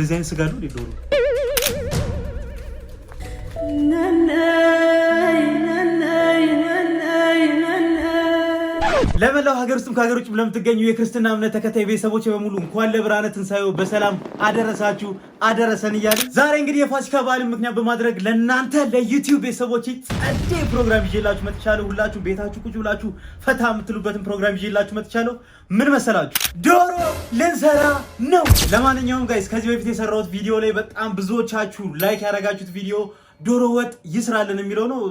እንደዚህ አይነት ስጋ ነው ሊኖሩ ለመላው ሀገር ውስጥም ከሀገር ውጭም ለምትገኙ የክርስትና እምነት ተከታይ ቤተሰቦች በሙሉ እንኳን ለብርሃነ ትንሣኤው በሰላም አደረሳችሁ አደረሰን እያለ ዛሬ እንግዲህ የፋሲካ በዓልን ምክንያት በማድረግ ለእናንተ ለዩቲዩብ ቤተሰቦች ጸዴ ፕሮግራም ይዤላችሁ መጥቻለሁ። ሁላችሁ ቤታችሁ ቁጭ ብላችሁ ፈታ የምትሉበትን ፕሮግራም ይዤላችሁ መጥቻለሁ። ምን መሰላችሁ? ዶሮ ልንሰራ ነው። ለማንኛውም ጋይስ ከዚህ በፊት የሰራሁት ቪዲዮ ላይ በጣም ብዙዎቻችሁ ላይክ ያደረጋችሁት ቪዲዮ ዶሮ ወጥ ይስራልን የሚለው ነው።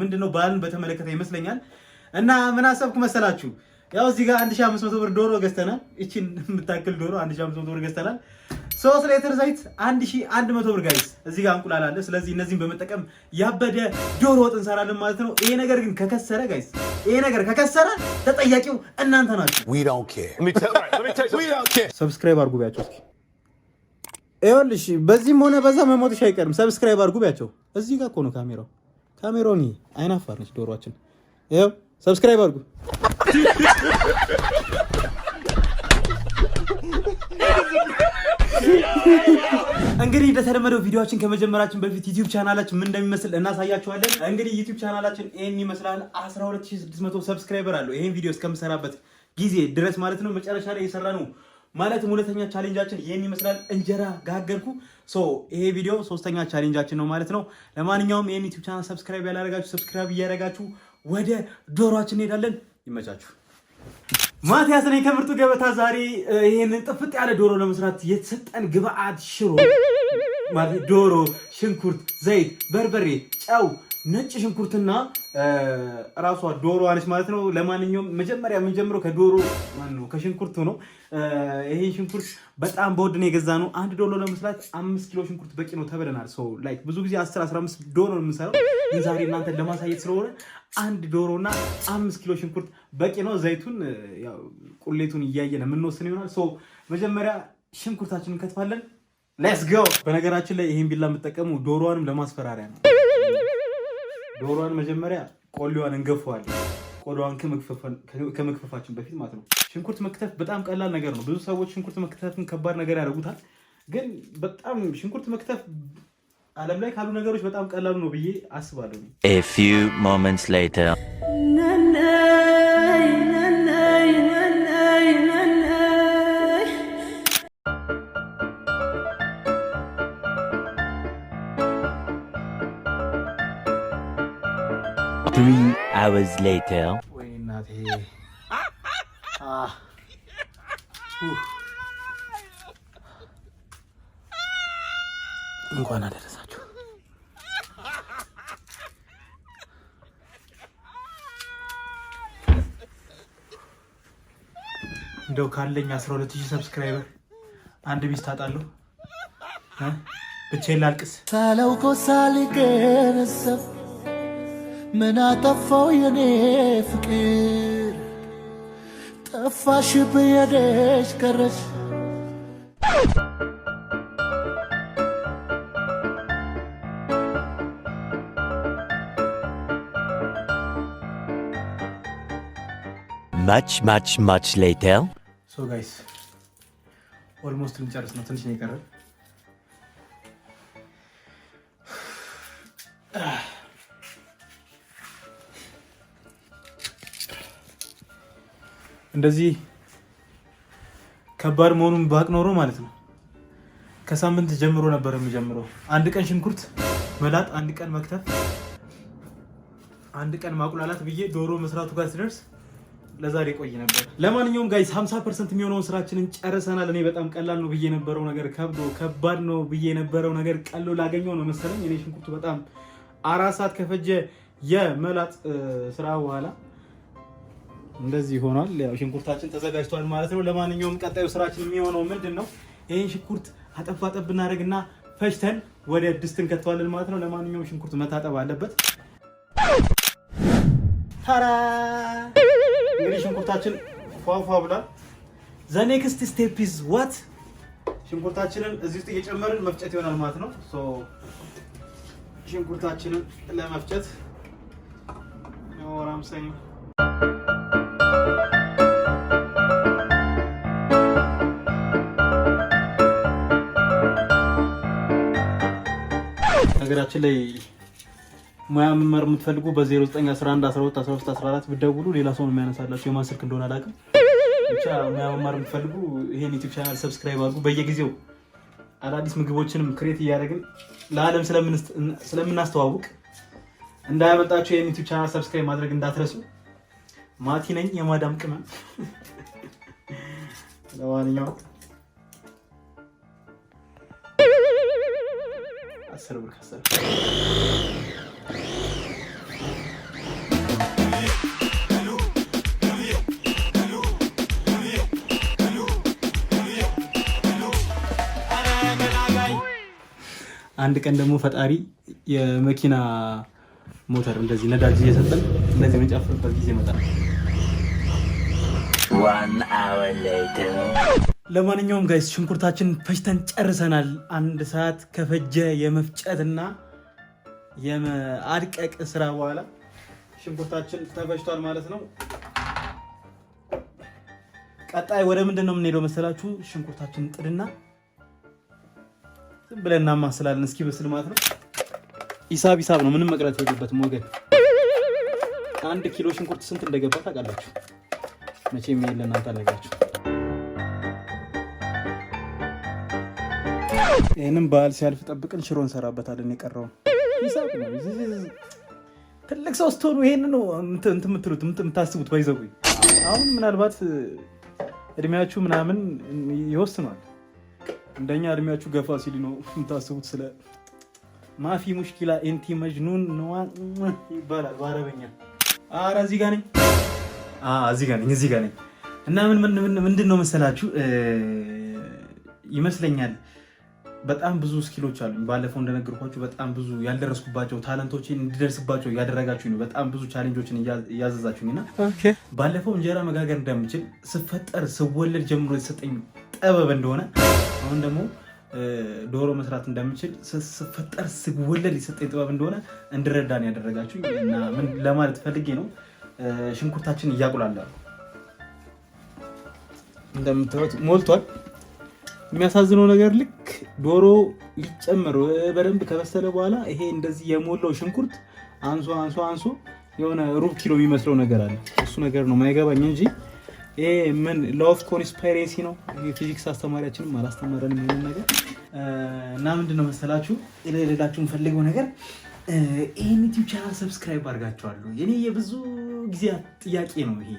ምንድነው በዓልን በተመለከተ ይመስለኛል እና ምን አሰብኩ መሰላችሁ? ያው እዚህ ጋር 1500 ብር ዶሮ ገዝተናል። እቺን የምታክል ዶሮ 1500 ብር ገዝተናል። 3 ሌትር ዘይት 1100 ብር ጋይስ። እዚህ ጋር እንቁላል አለ። ስለዚህ እነዚህን በመጠቀም ያበደ ዶሮ ወጥ እንሰራለን ማለት ነው። ይሄ ነገር ግን ከከሰረ ጋይስ፣ ይሄ ነገር ከከሰረ ተጠያቂው እናንተ ናችሁ። we don't care ሰብስክራይብ አድርጉ ቢያቸው እስኪ ይኸውልሽ፣ በዚህም ሆነ በዛ መሞትሽ አይቀርም። ሰብስክራይብ አድርጉ ቢያቸው። እዚህ ጋር እኮ ነው ካሜራው። ካሜራውን አይናፋር ነች ዶሮአችን ይኸው ሰብስክራይብ አድርጉ። እንግዲህ እንደተለመደው ቪዲዮችን ከመጀመራችን በፊት ዩቲዩብ ቻናላችን ምን እንደሚመስል እናሳያችኋለን። እንግዲህ ዩቲዩብ ቻናላችን ይህን ይመስላል። 12600 ሰብስክራይበር አለው። ይህን ቪዲዮ እስከምሰራበት ጊዜ ድረስ ማለት ነው። መጨረሻ ላይ የሰራ ነው ማለት ሁለተኛ ቻሌንጃችን ይህን ይመስላል። እንጀራ ጋገርኩ። ሶ ይሄ ቪዲዮ ሶስተኛ ቻሌንጃችን ነው ማለት ነው። ለማንኛውም ይህን ዩቲዩብ ቻናል ሰብስክራይብ ያላደረጋችሁ ሰብስክራይብ እያደረጋችሁ ወደ ዶሯችን እንሄዳለን። ይመቻችሁ። ማቲያስ ነኝ ከምርጡ ገበታ። ዛሬ ይህንን ጥፍጥ ያለ ዶሮ ለመስራት የተሰጠን ግብአት ሽሮ፣ ዶሮ፣ ሽንኩርት፣ ዘይት፣ በርበሬ፣ ጨው ነጭ ሽንኩርትና ራሷ ዶሮ አለች ማለት ነው። ለማንኛውም መጀመሪያ የምንጀምረው ከዶሮ ነው ከሽንኩርቱ ነው። ይሄ ሽንኩርት በጣም በውድ ነው የገዛ ነው። አንድ ዶሮ ለመስራት አምስት ኪሎ ሽንኩርት በቂ ነው ተብለናል። ሰው ላይክ ብዙ ጊዜ አስር አስራ አምስት ዶሮ ነው የምንሰራው። ዛሬ እናንተን ለማሳየት ስለሆነ አንድ ዶሮና አምስት ኪሎ ሽንኩርት በቂ ነው። ዘይቱን ቁሌቱን እያየን የምንወስን ይሆናል። ሰው መጀመሪያ ሽንኩርታችንን እንከትፋለን። ሌትስ ጎ። በነገራችን ላይ ይሄን ቢላ የምጠቀሙ ዶሮዋንም ለማስፈራሪያ ነው። ዶሮዋን መጀመሪያ ቆሊዋን እንገፈዋለን። ቆዳዋን ከመክፈፋችን በፊት ማለት ነው። ሽንኩርት መክተፍ በጣም ቀላል ነገር ነው። ብዙ ሰዎች ሽንኩርት መክተፍን ከባድ ነገር ያደርጉታል። ግን በጣም ሽንኩርት መክተፍ ዓለም ላይ ካሉ ነገሮች በጣም ቀላሉ ነው ብዬ አስባለሁ። hours later ወይኔ እናቴ እንኳን አደረሳችሁ። እንደው ካለኝ 12000 ሰብስክራይበር አንድ ሚስት አጣለሁ። ብቻዬን ላልቅስ ምን አጠፋው የኔ ፍቅር ጠፋሽብ የደሽ ቀረሽ ማች ማች ማች ሌተር ሶ ጋይስ ኦልሞስት ልንጨርስ ነው። ትንሽ ነው የቀረን። እንደዚህ ከባድ መሆኑን ባቅ ኖሮ ማለት ነው ከሳምንት ጀምሮ ነበር የሚጀምረው። አንድ ቀን ሽንኩርት መላጥ፣ አንድ ቀን መክተፍ፣ አንድ ቀን ማቁላላት ብዬ ዶሮ መስራቱ ጋር ስደርስ ለዛሬ ቆይ ነበር። ለማንኛውም ጋይስ 50 ፐርሰንት የሚሆነውን ስራችንን ጨርሰናል። እኔ በጣም ቀላል ነው ብዬ የነበረው ነገር ከብዶ ከባድ ነው ብዬ የነበረው ነገር ቀሎ ላገኘው ነው መሰለኝ። እኔ ሽንኩርቱ በጣም አራት ሰዓት ከፈጀ የመላጥ ስራ በኋላ እንደዚህ ይሆናል። ያው ሽንኩርታችን ተዘጋጅቷል ማለት ነው። ለማንኛውም ቀጣዩ ስራችን የሚሆነው ምንድን ነው? ይህን ሽንኩርት አጠብ አጠብ እናደርግና ፈጭተን ወደ ድስት እንከተዋለን ማለት ነው። ለማንኛውም ሽንኩርት መታጠብ አለበት። ታራ እንግዲህ ሽንኩርታችን ፏፏ ብሏል። ዘ ኔክስት ስቴፕ ኢዝ ዋት? ሽንኩርታችንን እዚህ ውስጥ እየጨመርን መፍጨት ይሆናል ማለት ነው። ሶ ሽንኩርታችንን ለመፍጨት ወራም ሳይም በነገራችን ላይ ሙያ መማር የምትፈልጉ በ0911 12 13 14 ብትደውሉ ሌላ ሰው ነው የሚያነሳላችሁ። የማን ስልክ እንደሆነ አላውቅም። ብቻ ሙያ መማር የምትፈልጉ ይሄን ዩቲብ ቻናል ሰብስክራይብ አድርጉ። በየጊዜው አዳዲስ ምግቦችንም ክሬት እያደረግን ለዓለም ስለምናስተዋውቅ እንዳያመልጣችሁ ይህን ዩቲብ ቻናል ሰብስክራይብ ማድረግ እንዳትረሱ። ማቲ ነኝ የማዳም ቅመም። ለማንኛውም አስር ብር ከሰር አንድ ቀን ደግሞ ፈጣሪ የመኪና ሞተር እንደዚህ ነዳጅ እየሰጠን እንደዚህ የምንጨፍርበት ጊዜ ይመጣል። ለማንኛውም ጋይስ ሽንኩርታችን ፈጭተን ጨርሰናል። አንድ ሰዓት ከፈጀ የመፍጨትና የአድቀቅ ስራ በኋላ ሽንኩርታችን ተፈጭቷል ማለት ነው። ቀጣይ ወደ ምንድን ነው የምንሄደው መሰላችሁ? ሽንኩርታችን ጥድና ዝም ብለን እናማስላለን እስኪ በስል ማለት ነው። ሂሳብ ሂሳብ ነው፣ ምንም መቅረት የለበትም ወገን። አንድ ኪሎ ሽንኩርት ስንት እንደገባ ታውቃላችሁ መቼ የለ እናንተ አለጋችሁ ይህንም በዓል ሲያልፍ ጠብቅን ሽሮ እንሰራበታለን። የቀረውን ትልቅ ሰው ስትሆኑ ይህን ነው የምትሉት የምታስቡት። ባይዘጉ አሁን ምናልባት እድሜያችሁ ምናምን ይወስኗል። እንደኛ እድሜያችሁ ገፋ ሲል ነው የምታስቡት። ስለ ማፊ ሙሽኪላ ኤንቲ መጅኑን ነዋ ይባላል በአረበኛ። አረ እዚህ ጋ ነኝ እዚህ ነኝ እዚህ ነኝ እና ምን ምንድን ነው መሰላችሁ ይመስለኛል በጣም ብዙ ስኪሎች አሉ። ባለፈው እንደነገርኳቸው በጣም ብዙ ያልደረስኩባቸው ታለንቶችን እንዲደርስባቸው እያደረጋችሁ ነው። በጣም ብዙ ቻሌንጆችን እያዘዛችሁኝ እና ባለፈው እንጀራ መጋገር እንደምችል ስፈጠር ስወለድ ጀምሮ የተሰጠኝ ጥበብ እንደሆነ አሁን ደግሞ ዶሮ መስራት እንደምችል ስፈጠር ስወለድ የተሰጠኝ ጥበብ እንደሆነ እንድረዳን ያደረጋችሁ እና ምን ለማለት ፈልጌ ነው፣ ሽንኩርታችን እያቁላለ እንደምታዩት ሞልቷል። የሚያሳዝነው ነገር ልክ ዶሮ ሊጨመር በደንብ ከበሰለ በኋላ ይሄ እንደዚህ የሞላው ሽንኩርት አንሶ አንሶ አንሶ የሆነ ሩብ ኪሎ የሚመስለው ነገር አለ። እሱ ነገር ነው ማይገባኝ እንጂ ይሄ ምን ሎፍ ኮንስፓይሬሲ ነው? የፊዚክስ አስተማሪያችንም አላስተማረንም ይሄንን ነገር እና ምንድን ነው መሰላችሁ ሌላችሁ የምፈልገው ነገር ይህን ዩቲዩብ ቻናል ሰብስክራይብ አድርጋችኋለሁ። የኔ የብዙ ጊዜ ጥያቄ ነው ይሄ።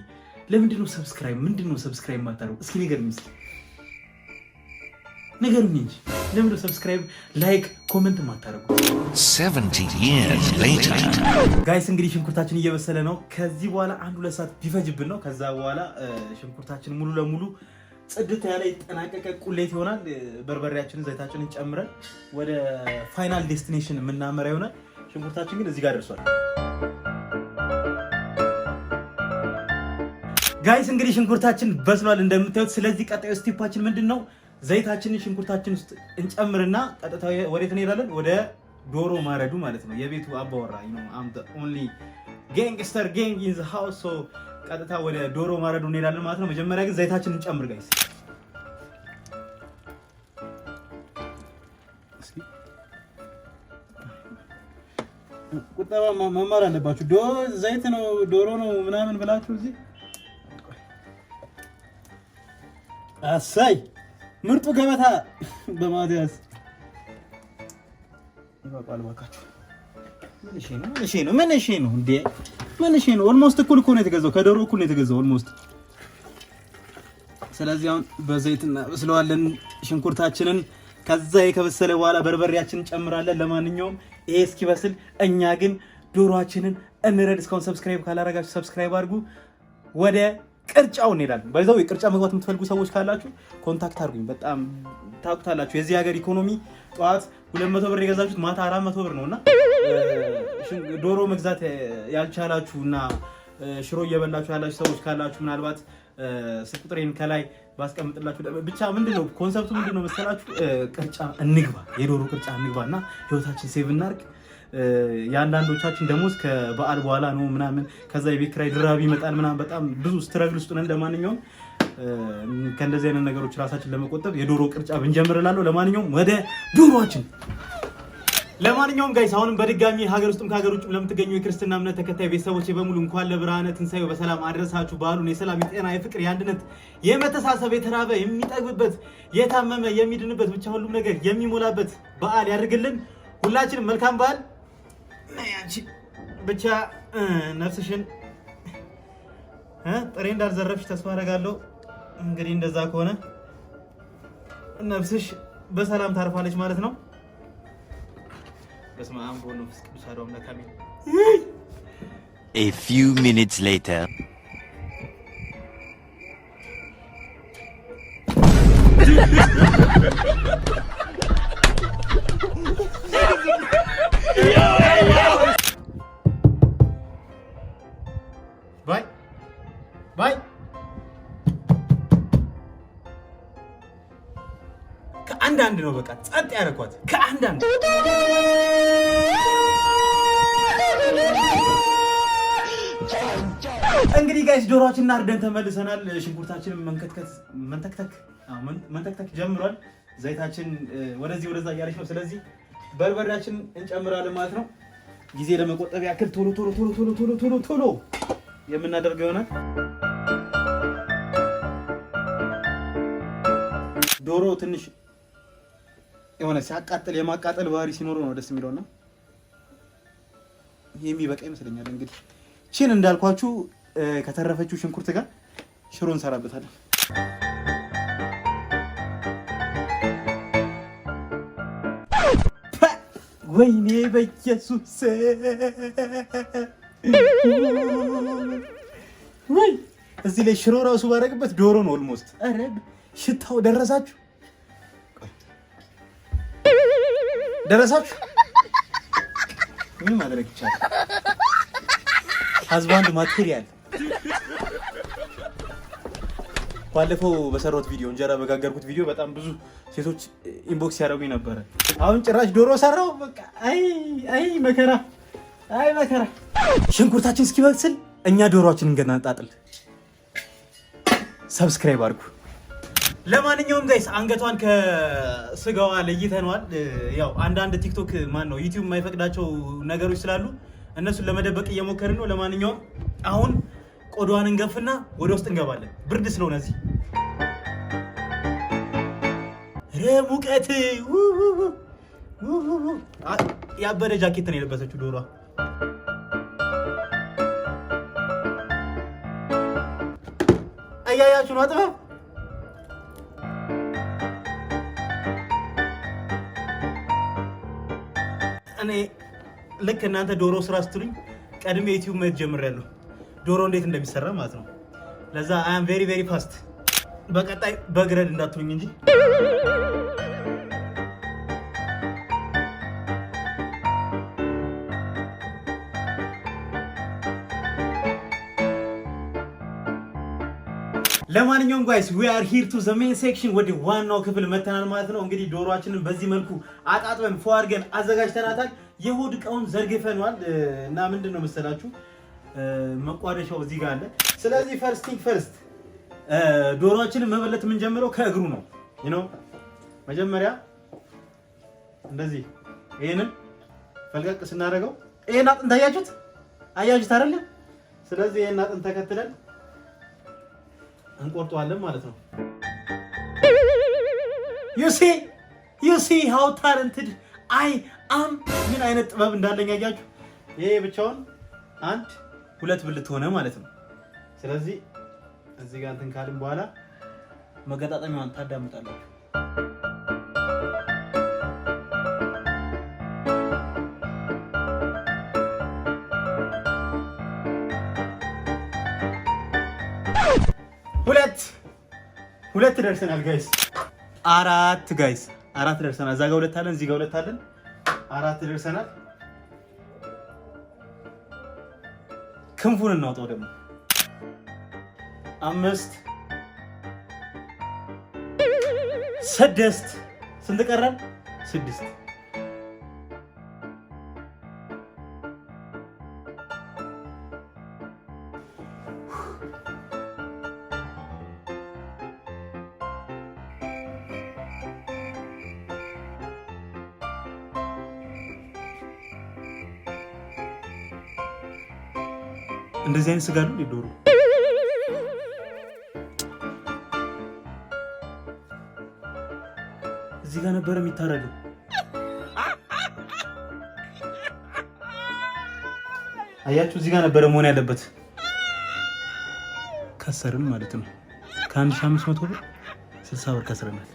ለምንድን ነው ሰብስክራይብ ምንድን ነው ሰብስክራይብ ማታደርጉ? እስኪ ንገር ምስል ነገሩኝ እንጂ ለምን ነው ሰብስክራይብ፣ ላይክ፣ ኮመንት later ጋይስ እንግዲህ ሽንኩርታችን እየበሰለ ነው። ከዚህ በኋላ አንድ ሁለት ሰዓት ቢፈጅብን ነው። ከዛ በኋላ ሽንኩርታችን ሙሉ ለሙሉ ጽድት ያለ የተጠናቀቀ ቁሌት ይሆናል። በርበሬያችንን ዘይታችንን ጨምረን ወደ ፋይናል ዴስቲኔሽን የምናመራ ይሆናል። ሽንኩርታችን ግን እዚህ ጋር ደርሷል። ጋይስ እንግዲህ ሽንኩርታችን በስሏል እንደምታዩት። ስለዚህ ቀጣዩ ስቴፓችን ምንድን ነው? ዘይታችንን ሽንኩርታችን ውስጥ እንጨምርና ቀጥታ ወዴት እንሄዳለን? ወደ ዶሮ ማረዱ ማለት ነው። የቤቱ አባወራ አም ኦንሊ ጌንግስተር ጌንግ ኢን ዘ ሃውስ ሶ ቀጥታ ወደ ዶሮ ማረዱ እንሄዳለን ማለት ነው። መጀመሪያ ግን ዘይታችን እንጨምር ጋይስ። ቁጠባ መማር አለባችሁ። ዘይት ነው ዶሮ ነው ምናምን ብላችሁ እዚህ አሳይ ምርጡ ገበታ በማትያስ ይበቃል። እባካችሁ ምን እሺ ነው? ምን እሺ ነው እንዴ? ምን እሺ ነው? ኦልሞስት እኩል እኮ ነው የተገዛው፣ ከዶሮ እኩል ነው የተገዛው ኦልሞስት። ስለዚህ አሁን በዘይት እናበስለዋለን ሽንኩርታችንን። ከዛ የከበሰለ በኋላ በርበሬያችንን ጨምራለን። ለማንኛውም ይሄ እስኪበስል እኛ ግን ዶሮአችንን እንረድ። እስካሁን ሰብስክራይብ ካላረጋችሁ ሰብስክራይብ አድርጉ ወደ ቅርጫው እንሄዳለን። በዛው የቅርጫ መግባት የምትፈልጉ ሰዎች ካላችሁ ኮንታክት አድርጉኝ። በጣም ታውቁታላችሁ። የዚህ ሀገር ኢኮኖሚ ጠዋት መቶ ብር የገዛችሁት ማታ መቶ ብር እና ዶሮ መግዛት ያልቻላችሁና ሽሮ እየበላችሁ ያላችሁ ሰዎች ካላችሁ ምናልባት ስቁጥሬን ከላይ ባስቀምጥላችሁ። ብቻ ምንድነው ኮንሰፕቱ ምንድነው መሰላችሁ? ቅርጫ እንግባ፣ የዶሮ ቅርጫ እንግባ እና ህይወታችን ሴቭ እናርግ። የአንዳንዶቻችን ደሞዝ ከበዓል በኋላ ነው ምናምን፣ ከዛ የቤት ኪራይ ድራቢ ይመጣል ምናምን። በጣም ብዙ ስትረግል ውስጥ ነን። ለማንኛውም ከእንደዚህ አይነት ነገሮች ራሳችን ለመቆጠብ የዶሮ ቅርጫ ብንጀምር ለማንኛውም ወደ ዶሮችን ለማንኛውም ጋይስ አሁንም በድጋሚ ሀገር ውስጥም ከሀገር ውጭም ለምትገኙ የክርስትና እምነት ተከታይ ቤተሰቦች በሙሉ እንኳን ለብርሃነ ትንሣኤው በሰላም አድረሳችሁ። በዓሉን የሰላም የጤና የፍቅር የአንድነት የመተሳሰብ የተራበ የሚጠግብበት የታመመ የሚድንበት ብቻ ሁሉም ነገር የሚሞላበት በዓል ያድርግልን። ሁላችንም መልካም በዓል አንቺ ብቻ ነፍስሽን ጥሬ እንዳልዘረፍሽ ተስፋ አደርጋለሁ። እንግዲህ እንደዛ ከሆነ ነፍስሽ በሰላም ታርፋለች ማለት ነው። በስመ አብ ወወልድ ወመንፈስ ቅዱስ አሐዱ አምላክ አሜን። A few minutes later ጸጥ ያደረኳት ከአንዳንድ እንግዲህ ጋይስ ዶሮዎችና እናርደን ተመልሰናል። ሽንኩርታችንን መንከትከት መንተክተክ መንተክተክ ጀምሯል። ዘይታችን ወደዚህ ወደዛ እያለች ነው። ስለዚህ በርበሬያችን እንጨምራለን ማለት ነው። ጊዜ ለመቆጠብ ያክል ቶሎ ቶሎ ቶሎ ቶሎ ቶሎ ቶሎ ቶሎ የምናደርገው ይሆናል። ዶሮ ትንሽ የሆነ ሲያቃጥል የማቃጠል ባህሪ ሲኖረው ነው ደስ የሚለው እና ይህ የሚበቃ ይመስለኛል። እንግዲህ ቺን እንዳልኳችሁ ከተረፈችው ሽንኩርት ጋር ሽሮ እንሰራበታለን። ወይኔ በኢየሱስ ወይ እዚህ ላይ ሽሮ ራሱ ባረግበት ዶሮ ነው ኦልሞስት። ኧረ ሽታው ደረሳችሁ ደረሳችሁ። ምን ማድረግ ይቻላል? ሀዝባንድ ማቴሪያል ባለፈው በሰራሁት ቪዲዮ እንጀራ በጋገርኩት ቪዲዮ በጣም ብዙ ሴቶች ኢንቦክስ ያደረጉኝ ነበረ። አሁን ጭራሽ ዶሮ ሰራው። በቃ አይ አይ መከራ አይ መከራ። ሽንኩርታችን እስኪበስል እኛ ዶሮችን እንገናጣጥል። ሰብስክራይብ አድርጉ። ለማንኛውም ጋይስ አንገቷን ከስጋዋ ለይተነዋል። ያው አንዳንድ ቲክቶክ ማን ነው ዩቲዩብ የማይፈቅዳቸው ነገሮች ስላሉ እነሱን ለመደበቅ እየሞከርን ነው። ለማንኛውም አሁን ቆዳዋን እንገፍና ወደ ውስጥ እንገባለን። ብርድ ስለሆነ እዚህ ሙቀት ያበደ ጃኬት ነው የለበሰችው ዶሯ። አያያችሁ ነው አጥበብ እኔ ልክ እናንተ ዶሮ ስራ ስትሉኝ ቀድሜ ዩቲዩብ ማየት ጀምሬያለሁ። ዶሮ እንዴት እንደሚሰራ ማለት ነው። ለዛ አይ አም ቬሪ ቬሪ ፋስት። በቀጣይ በግረድ እንዳትሉኝ እንጂ ለማንኛውም ጋይስ ዊ አር ሂር ቱ ዘ ሜን ሴክሽን ወደ ዋናው ክፍል መተናል ማለት ነው። እንግዲህ ዶሮአችንን በዚህ መልኩ አጣጥበን ፎ አድርገን አዘጋጅተናታል። የሆድ እቃውን ዘርግፈኗል እና ምንድን ነው መሰላችሁ መቋደሻው እዚህ ጋር አለ። ስለዚህ ፈርስት ቲንግ ፈርስት ዶሮአችንን መበለት የምንጀምረው ከእግሩ ነው። ዩ ኖ መጀመሪያ እንደዚህ ይሄንን ፈልቀቅ ስናደርገው ይሄን አጥንት አያችሁት? አያችሁት አይደለ? ስለዚህ ይሄን አጥንት ተከትለን እንቆርጠዋለን ማለት ነው። ዩሲ ዩሲ ሃው ታለንትድ አይ አም ምን አይነት ጥበብ እንዳለኝ አያችሁ። ይሄ ብቻውን አንድ ሁለት ብልት ሆነ ማለት ነው። ስለዚህ እዚህ ጋር እንትን ካልን በኋላ መገጣጠሚያውን ታዳምጣላችሁ። ሁለት ደርሰናል ጋይስ። አራት ጋይስ አራት ደርሰናል። እዛ ጋር ሁለት አለን፣ እዚህ ጋር ሁለት አለን። አራት ደርሰናል። ክንፉን እናውጣው ደግሞ አምስት ስድስት ስንት ቀረን? ስድስት እንደዚህ አይነት ስጋ ነው ዶሮ እዚህ ጋር ነበረ የሚታረደው። አያችሁ፣ እዚህ ጋር ነበረ መሆን ያለበት። ከሰርም ማለት ነው ከአንድ ሺህ አምስት መቶ ብር ስልሳ ብር ከስረናል።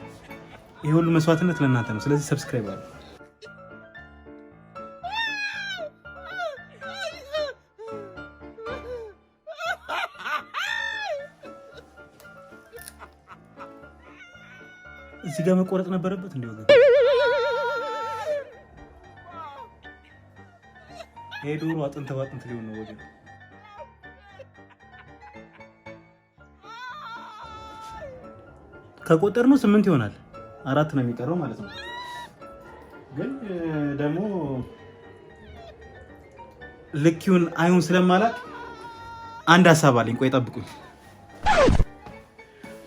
ይህ ሁሉ መስዋዕትነት ለእናንተ ነው። ስለዚህ ሰብስክራይብ አለ መቆረጥ ነበረበት እንዲ ወገ ዶሮ አጥንት በአጥንት ሊሆን ነው ወገ ከቆጠር ነው ስምንት ይሆናል። አራት ነው የሚቀረው ማለት ነው። ግን ደግሞ ልኪውን አይሁን ስለማላቅ አንድ ሀሳብ አለኝ። ቆይ ጠብቁኝ።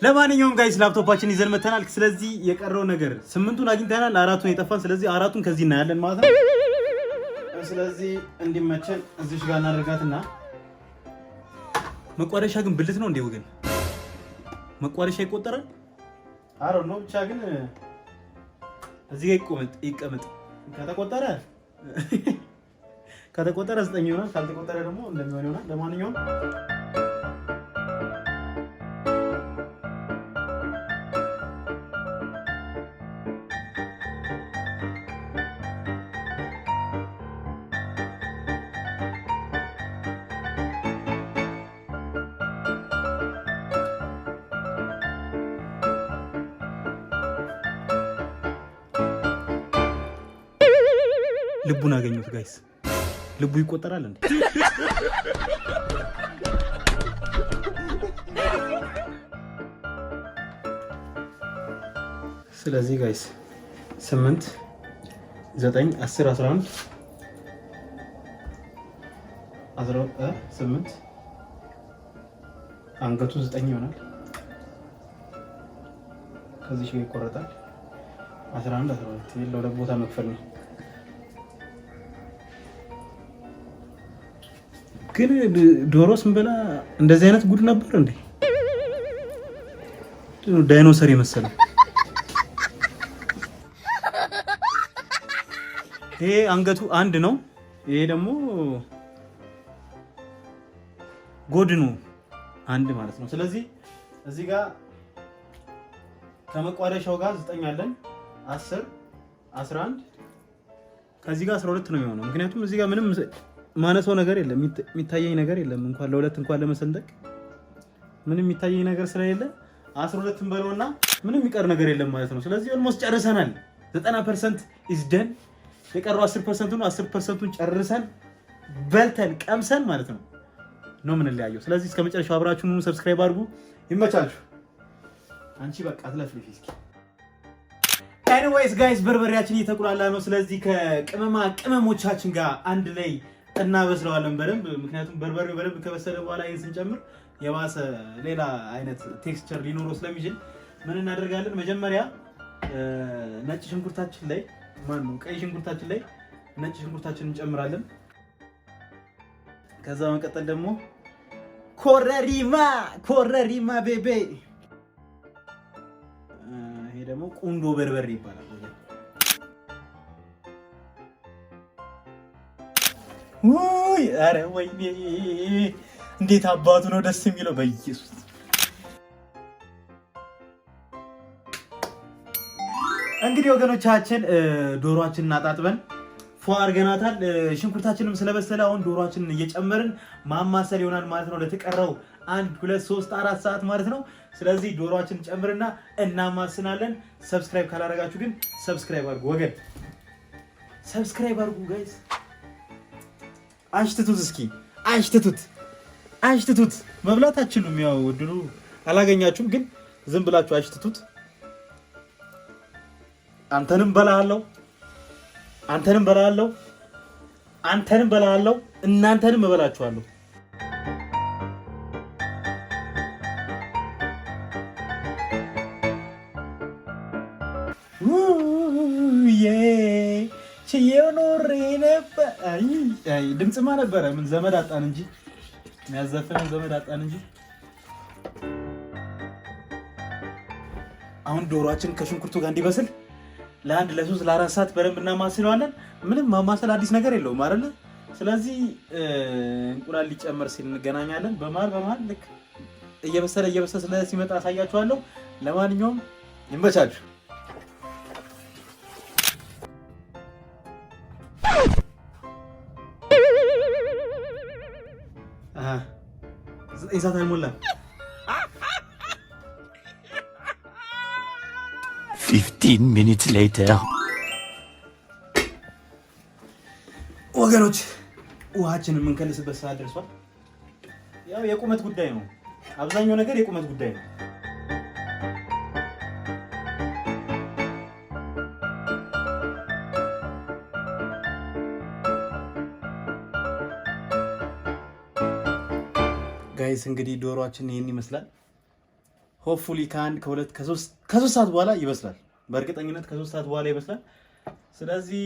ለማንኛውም ጋይስ ላፕቶፓችን ይዘን መተናል። ስለዚህ የቀረው ነገር ስምንቱን አግኝተናል፣ አራቱን የጠፋን። ስለዚህ አራቱን ከዚህ እናያለን ማለት ነው። ስለዚህ እንዲመቸን እዚሽ ጋር እናደርጋትና መቋደሻ ግን ብልት ነው እንዴ ወገን? መቋደሻ ይቆጠራል? አሮ ነው ብቻ ግን እዚህ ጋር ይቆመጥ ይቀመጥ። ከተቆጠረ ከተቆጠረ ዘጠኝ ይሆናል፣ ካልተቆጠረ ደግሞ እንደሚሆን ይሆናል። ለማንኛውም ልቡን አገኙት ጋይስ። ልቡ ይቆጠራል እንዴ? ስለዚህ ጋይስ 8 9 10 11 አንድ አንገቱ ዘጠኝ ይሆናል። ከዚህ ጋር ይቆረጣል። 11 12 አስራ ቦታ መክፈል ነው ግን ዶሮ ስንበላ እንደዚህ አይነት ጉድ ነበር እንዴ? ዳይኖሰር የመሰለ ይሄ አንገቱ አንድ ነው። ይሄ ደግሞ ጎድኑ አንድ ማለት ነው። ስለዚህ እዚህ ጋር ከመቋደሻው ጋር ዘጠኝ አለን፣ አስር አስራ አንድ ከዚህ ጋር አስራ ሁለት ነው የሚሆነው ምክንያቱም እዚህ ጋር ምንም ማነሰው ነገር የለም፣ የሚታየኝ ነገር የለም። እንኳን ለሁለት እንኳን ለመሰንጠቅ ምንም የሚታየኝ ነገር ስለሌለ አስራ ሁለትን በለውና ምንም የሚቀር ነገር የለም ማለት ነው። ስለዚህ ኦልሞስት ጨርሰናል። ዘጠና ፐርሰንት ኢዝደን የቀረው አስር ነው። አስር ፐርሰንቱን ጨርሰን በልተን ቀምሰን ማለት ነው ነው የምንለያየው። ስለዚህ እስከ መጨረሻው አብራችሁን ሰብስክራይብ አድርጉ። ይመቻችሁ። አንቺ በቃ አትለፍልፊ እስኪ። ኤኒዌይስ ጋይስ በርበሬያችን እየተቁላላ ነው። ስለዚህ ከቅመማ ቅመሞቻችን ጋር አንድ ላይ እናበስለዋለን በደንብ ምክንያቱም በርበሬው በደንብ ከበሰለ በኋላ ይህን ስንጨምር የባሰ ሌላ አይነት ቴክስቸር ሊኖረው ስለሚችል ምን እናደርጋለን? መጀመሪያ ነጭ ሽንኩርታችን ላይ ማን ነው ቀይ ሽንኩርታችን ላይ ነጭ ሽንኩርታችን እንጨምራለን። ከዛ መቀጠል ደግሞ ኮረሪማ ኮረሪማ ቤቤ፣ ይሄ ደግሞ ቁንዶ በርበሬ ይባላል። ውይ ወይኔ እንዴት አባቱ ነው ደስ የሚለው በኢየሱስ እንግዲህ ወገኖቻችን ዶሮችን አጣጥበን ፎ አድርገናታል። ሽንኩርታችንም ስለበሰለ አሁን ዶሮችንን እየጨመርን ማማሰል ይሆናል ማለት ነው ለተቀረው አንድ ሁለት ሶስት አራት ሰዓት ማለት ነው። ስለዚህ ዶሮችን ጨምርና እናማስናለን። ሰብስክራይብ ካላደረጋችሁ ግን ሰብስክራይብ አድርጉ ወገን፣ ሰብስክራይብ አድርጉ ጋይስ። አሽትቱት እስኪ አንሽትቱት አሽትቱት። መብላት አችሉም፣ ያው አላገኛችሁም፣ ግን ዝም ብላችሁ አሽትቱት። አንተንም በላሃለሁ፣ አንተንም በላሃለሁ፣ አንተንም በላሃለሁ፣ እናንተንም እበላችኋለሁ። ድምፅማ ነበረ። ምን ዘመድ አጣን እንጂ የሚያዘፍነን ዘመድ አጣን እንጂ። አሁን ዶሯችን ከሽንኩርቱ ጋር እንዲበስል ለአንድ ለሶስት ለአራት ሰዓት በደንብ እናማስለዋለን። ምንም ማማሰል አዲስ ነገር የለውም አይደለ? ስለዚህ እንቁላል ሊጨመር ሲል እንገናኛለን። በመሀል በመሀል ልክ እየበሰለ እየበሰለ ሲመጣ አሳያችኋለሁ። ለማንኛውም ይመቻችሁ። ኢሳት አይሞላም። ወገኖች ውሃችንን የምንከልስበት ሰዓት ደርሷል። ያው የቁመት ጉዳይ ነው። አብዛኛው ነገር የቁመት ጉዳይ ነው። ጋይስ እንግዲህ ዶሮችን ይህን ይመስላል። ሆፕፉሊ ከአንድ ከሁለት ከሶስት ከሶስት ሰዓት በኋላ ይበስላል። በእርግጠኝነት ከሶስት ሰዓት በኋላ ይበስላል። ስለዚህ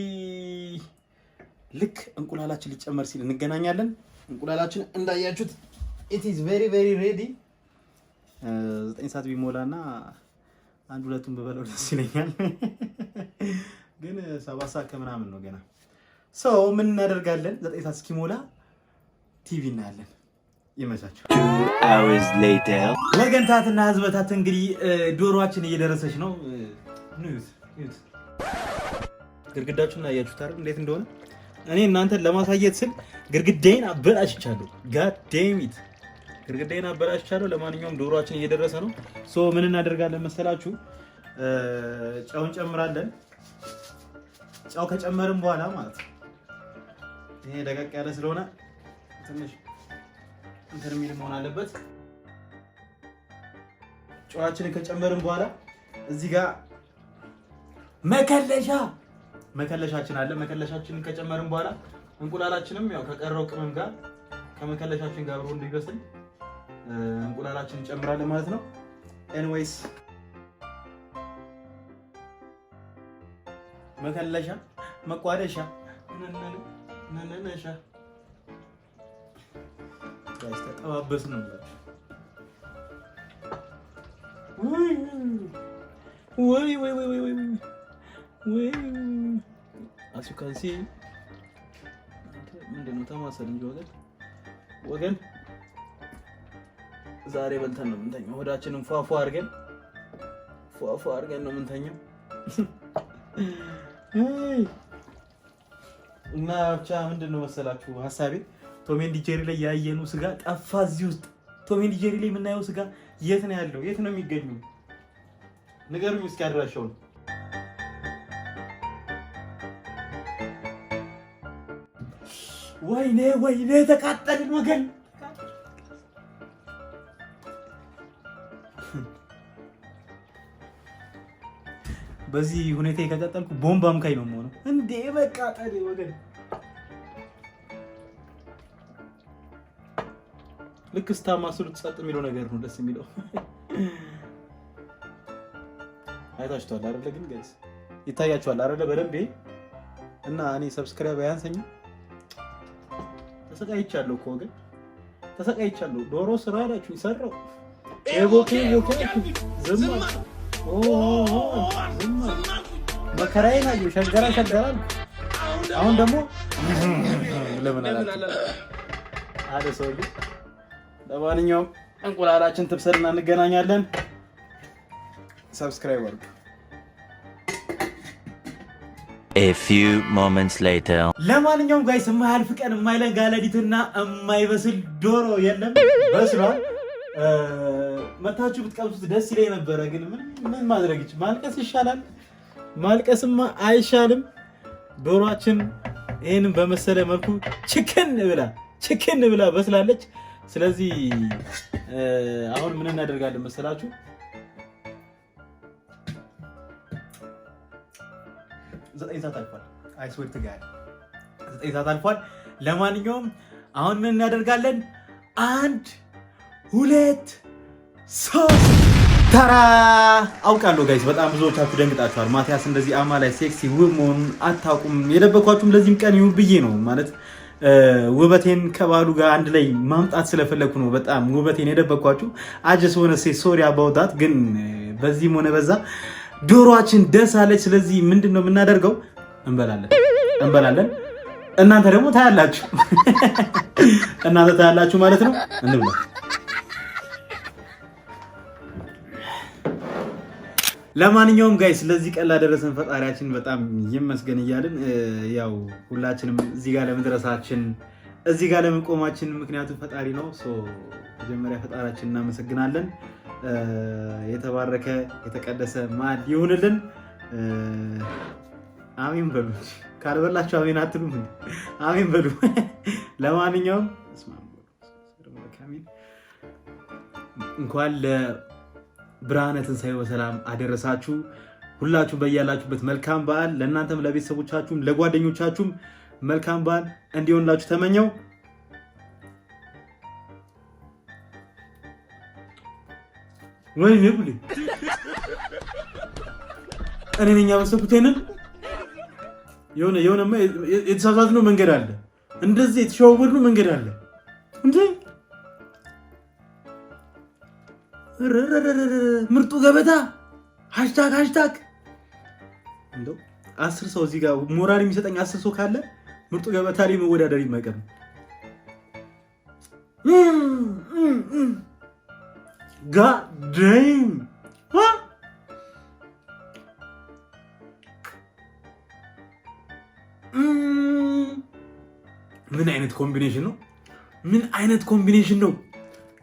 ልክ እንቁላላችን ሊጨመር ሲል እንገናኛለን። እንቁላላችን እንዳያችሁት ኢት ኢዝ ቬሪ ቬሪ ሬዲ። ዘጠኝ ሰዓት ቢሞላና አንድ ሁለቱን ብበለው ደስ ይለኛል፣ ግን ሰባት ሰዓት ከምናምን ነው ገና ሰው ምን እናደርጋለን። ዘጠኝ ሰዓት እስኪሞላ ቲቪ እናያለን። ይመቻቸው። ወገንታትና ህዝበታት እንግዲህ ዶሮዋችን እየደረሰች ነው። ግድግዳችሁን አያችሁት አይደል? እንዴት እንደሆነ እኔ እናንተን ለማሳየት ስል ግድግዳዬን አበላሽቻለሁ። ጋድ ዴም ግድግዳዬን አበላሽቻለሁ። ለማንኛውም ዶሮችን እየደረሰ ነው። ሶ ምን እናደርጋለን መሰላችሁ? ጨውን እንጨምራለን? ጨው ከጨመርን በኋላ ማለት ነው ይሄ ደቀቅ ያለ ስለሆነ ትንሽ እንትን የሚል መሆን አለበት። ጨዋችንን ከጨመርን በኋላ እዚህ ጋር መከለሻ መከለሻችን አለ። መከለሻችንን ከጨመርን በኋላ እንቁላላችንም ያው ከቀረው ቅመም ጋር ከመከለሻችን ጋር አብሮ እንዲበስል እንቁላላችን እንጨምራለን ማለት ነው። ኤንዌይስ መከለሻ መቋደሻ ነነነሻ ጋይስ ተጠባበስ ነው ወይ ወይ ወይ ወይ ወይ አስ ዩ ካን ሲ ምንድን ነው ተማሰል እንጂ ወገን ወገን ዛሬ በልተን ነው የምንተኛው። ሆዳችንን ፏፏ አድርገን ፏፏ አድርገን ነው የምንተኛው እና ብቻ ምንድን ነው መሰላችሁ ሀሳቤ ቶሜንድ ጀሪ ላይ ያየኑ ስጋ ጠፋ። እዚህ ውስጥ ቶሜንድ ጀሪ ላይ የምናየው ስጋ የት ነው ያለው? የት ነው የሚገኙ? ንገሩኝ እስኪ አድራሻውን። ወይኔ ወይኔ፣ ተቃጠልን ወገን በዚህ ሁኔታ ከቀጠልኩ ቦምብ አምካኝ ነው የምሆነው። እንዴ መቃጠል ወገን ልክ ስታማስሉት ትሰጥ የሚለው ነገር ነው ደስ የሚለው። አይታችኋል አይደለ? ግን ገጽ ይታያችኋል አይደለ? በደንብ እና እኔ ሰብስክራይብ አያንሰኝም። ተሰቃይቻለሁ እኮ ግን ተሰቃይቻለሁ። ዶሮ ስራ አላችሁ ይሰራው ኤቦኬ ቦኬ መከራዬን አየሁ። ሸገራ ሸገራል። አሁን ደግሞ ለምን አላ አለ ሰው ለማንኛውም እንቁላላችን ትብሰልና እንገናኛለን። ሰብስክራይብ አድርጉ። A few moments later ለማንኛውም ጋይስ የማያልፍ ቀን የማይለን ጋለዲትና የማይበስል ዶሮ የለም፣ በስሏል። መታችሁ ብትቀምሱት ደስ ይለኝ ነበረ፣ ግን ምን ማድረግ ይችላል? ማልቀስ ይሻላል፣ ማልቀስማ አይሻልም። ዶሯችን ይህንን በመሰለ መልኩ ችክን ብላ ችክን ብላ በስላለች። ስለዚህ አሁን ምን እናደርጋለን መሰላችሁ? ዘጠኝ ሰዓት አልፏል። አይስወድ ትጋል ዘጠኝ ሰዓት አልፏል። ለማንኛውም አሁን ምን እናደርጋለን? አንድ ሁለት ሶስት ተራ አውቃለሁ ጋይስ፣ በጣም ብዙዎቻችሁ ደንግጣችኋል። ማቲያስ እንደዚህ አማላይ ሴክሲ ውብ መሆኑን አታውቁም። የደበኳችሁም ለዚህም ቀን ይሁን ብዬ ነው ማለት ውበቴን ከባሉ ጋር አንድ ላይ ማምጣት ስለፈለግኩ ነው በጣም ውበቴን የደበኳችሁ። አጀስ ሆነ ሴ ሶሪ አባውታት ግን በዚህም ሆነ በዛ ዶሮችን ደስ አለች። ስለዚህ ምንድን ነው የምናደርገው? እንበላለን እንበላለን። እናንተ ደግሞ ታያላችሁ፣ እናንተ ታያላችሁ ማለት ነው። እንብላ ለማንኛውም ጋይ ስለዚህ ቀን ላደረሰን ፈጣሪያችን በጣም ይመስገን እያልን ያው ሁላችንም እዚህ ጋር ለመድረሳችን እዚህ ጋር ለመቆማችን ምክንያቱም ፈጣሪ ነው። መጀመሪያ ፈጣሪያችን እናመሰግናለን። የተባረከ የተቀደሰ ማዕድ ይሁንልን። አሜን በሉ። ካልበላችሁ አሜን አትሉም። አሜን በሉ። ለማንኛውም እንኳን ብርሃነ ትንሣኤ በሰላም አደረሳችሁ። ሁላችሁም በያላችሁበት መልካም በዓል ለእናንተም ለቤተሰቦቻችሁም ለጓደኞቻችሁም መልካም በዓል እንዲሆንላችሁ ተመኘው። ወይ ይብሉ እኔ ነኝ ያበሰኩት። ይሄንን የሆነ የሆነ የተሳሳትነው መንገድ አለ፣ እንደዚህ የተሸዋወድነው መንገድ አለ እንዴ ምርጡ ገበታ ሃሽታግ ሃሽታግ እንደው አስር ሰው እዚህ ጋር ሞራል የሚሰጠኝ አስር ሰው ካለ ምርጡ ገበታ ላይ መወዳደር ይመቀም ጋደም ምን አይነት ኮምቢኔሽን ነው? ምን አይነት ኮምቢኔሽን ነው?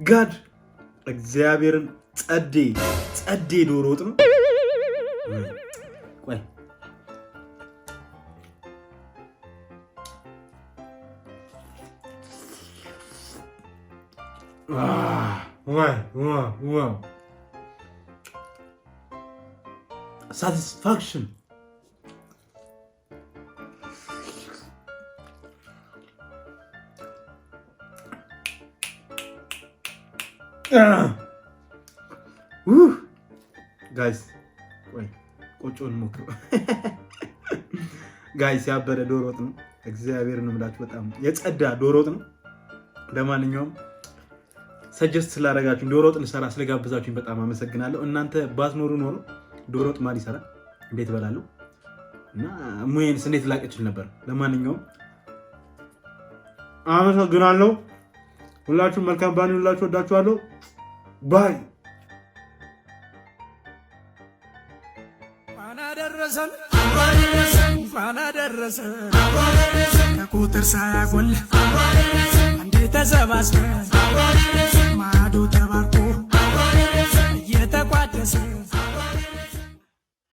ጋድ እግዚአብሔርን ጸዴ ጸዴ ዶሮ ወጥ ነው። ቆይ ሳቲስፋክሽን ጋይስ ወይ ቆጮን ሞክሩ ጋይስ። ያበደ ዶሮ ወጥ ነው። እግዚአብሔር ነው የምላችሁ በጣም የጸዳ ዶሮ ወጥ ነው። ለማንኛውም ሰጀስት ስላደረጋችሁ ዶሮ ወጥ እንሰራ ስለጋብዛችሁኝ በጣም አመሰግናለሁ። እናንተ ባትኖሩ ኖሮ ዶሮ ወጥ ማን ይሰራል? እንዴት እበላለሁ? እና ሙዬንስ እንዴት ላቅ እችል ነበር? ለማንኛውም አመሰግናለሁ። ሁላችሁም መልካም ባኒ፣ ሁላችሁ ወዳችኋለሁ ባይ ከቁጥር ሳያጎል እንዴ ተሰባስበን ማዶ ተባር